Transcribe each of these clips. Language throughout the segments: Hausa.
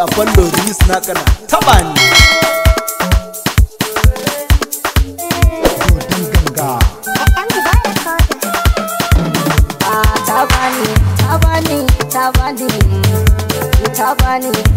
a fallo ris na kana taba ni ah, Tabani, tabani, tabani, tabani.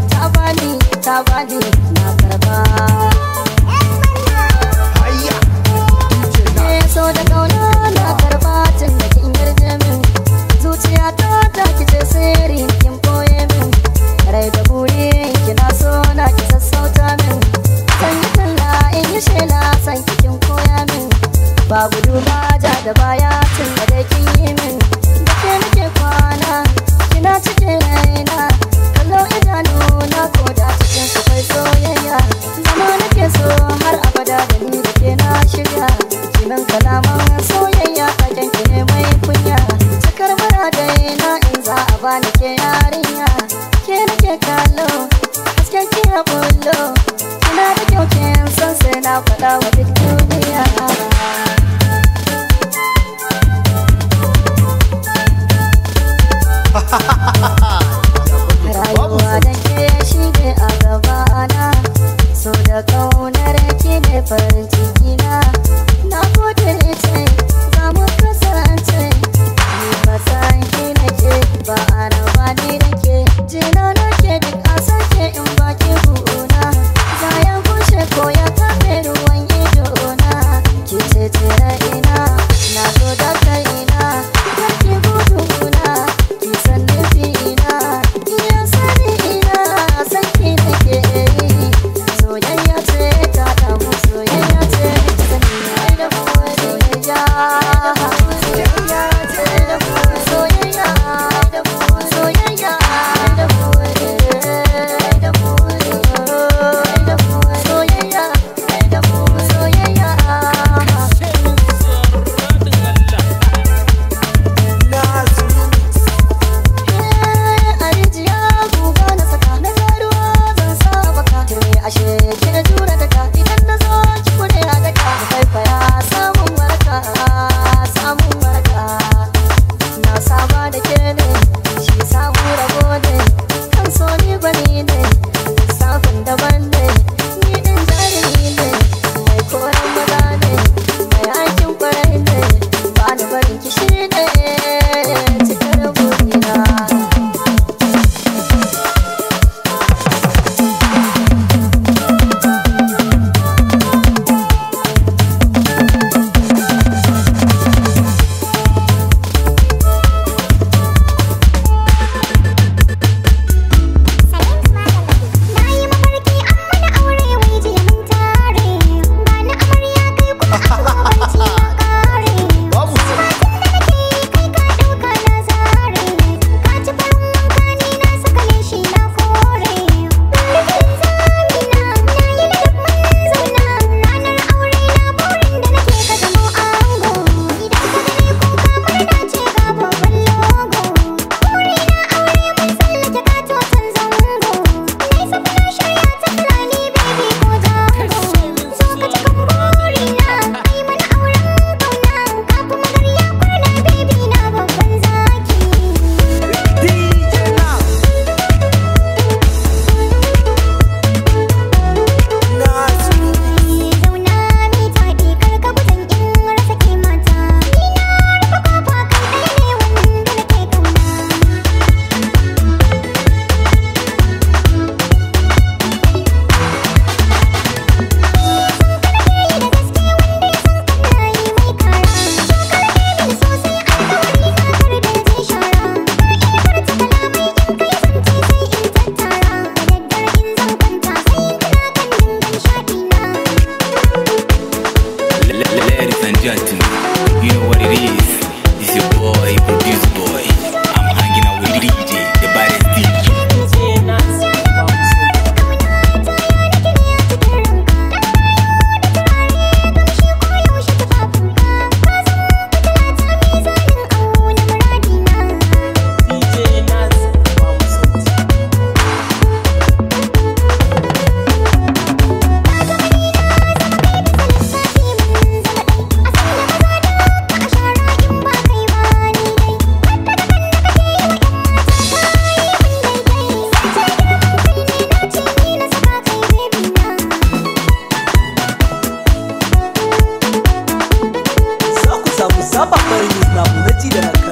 Considerate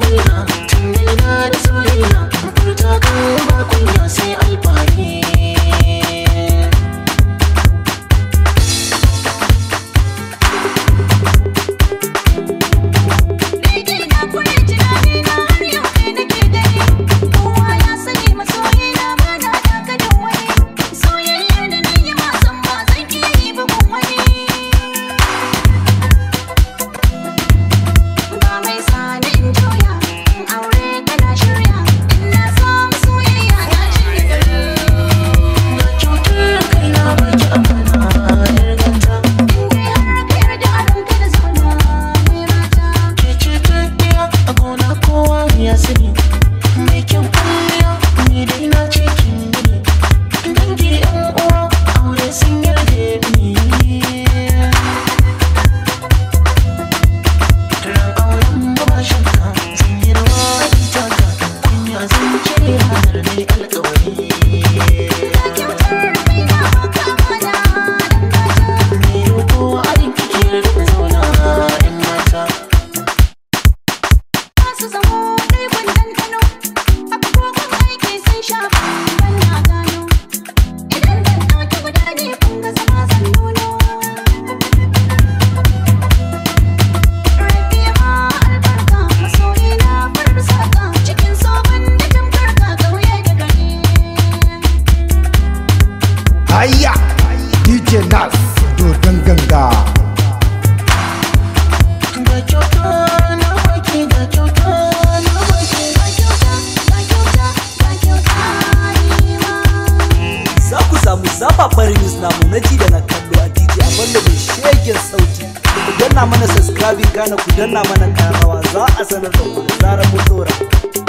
burina tunanina da soyina furta kan zababar news namu na ji da na kallo a titi a banda mai shegen sauti ku danna mana subscribing gane ku danna mana karawa za a sanar da ku da zarar